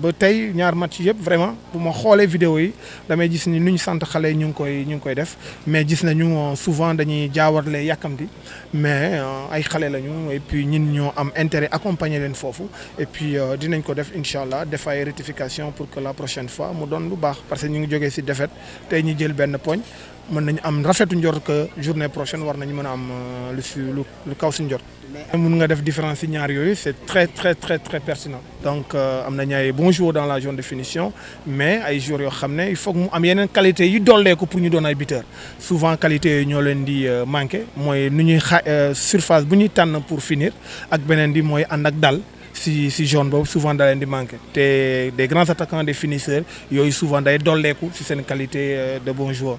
ba tey ñaar match vraiment pour moi xoolee vidéo yi damay gis ni nu ñu sant xale yi ñu koy ñu koy def mais gis nañu euh, souvent dañuy les yàkkamti mais euh, ay xale lañu et puis ñin ñoo am intérêt accompagner les fofu, et puis euh, dinañ ko def inshallah, def faire rectification pour que la prochaine fois mu donne lu bar parce que ñu ngi jógee si défaite tey ñu jël ben poñ mën nañu am rafetu njort que journée prochaine war nañu mën am euh, lu si lu lu kaw si njort. mun nga def différence ñaar yooyu c' très très très très personnel. donc euh, am nañu ay bons dans la zone de finition mais ay joueurs yoo xam il faut que mu am yeneen qualité yu dolleeku pour ñu doon ay buteur souvent qualité yi ñoo leen di euh, manqué mooy nu ñuy surface bu ñuy tànn pour finir ak beneen bi mooy ànd dal. si si zone Bob souvent da di manqué te des grands attaquants des finisseurs yooyu souvent day dolleeku si seen qualité de bon joueur.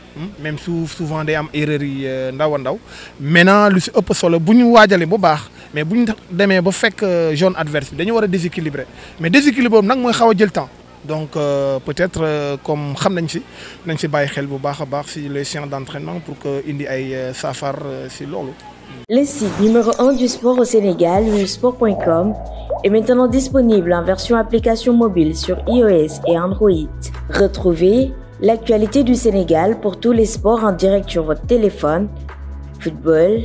même si souvent des am erreur euh, ndaw ndaw maintenant lu si ëpp solo bu ñu waajalee bu baax mais bu ñu demee ba fekk jeune adverse dañu wara déséquilibrer mais déséquilibre nak moy xawa jël temps donc euh, peut-être euh, comme xam nañ si nañ si baye xel bu baax baax si les séances d'entraînement pour que indi ay safar ci lolu Le site numéro 1 du sport au Sénégal, sport.com, est maintenant disponible en version application mobile sur iOS et Android. Retrouvez L'actualité du Sénégal pour tous les sports en direct sur votre téléphone. Football,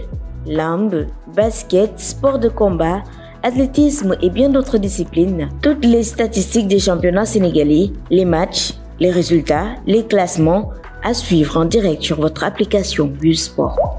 l'amb, basket, sport de combat, athlétisme et bien d'autres disciplines. Toutes les statistiques des championnats sénégalais, les matchs, les résultats, les classements à suivre en direct sur votre application U-Sport.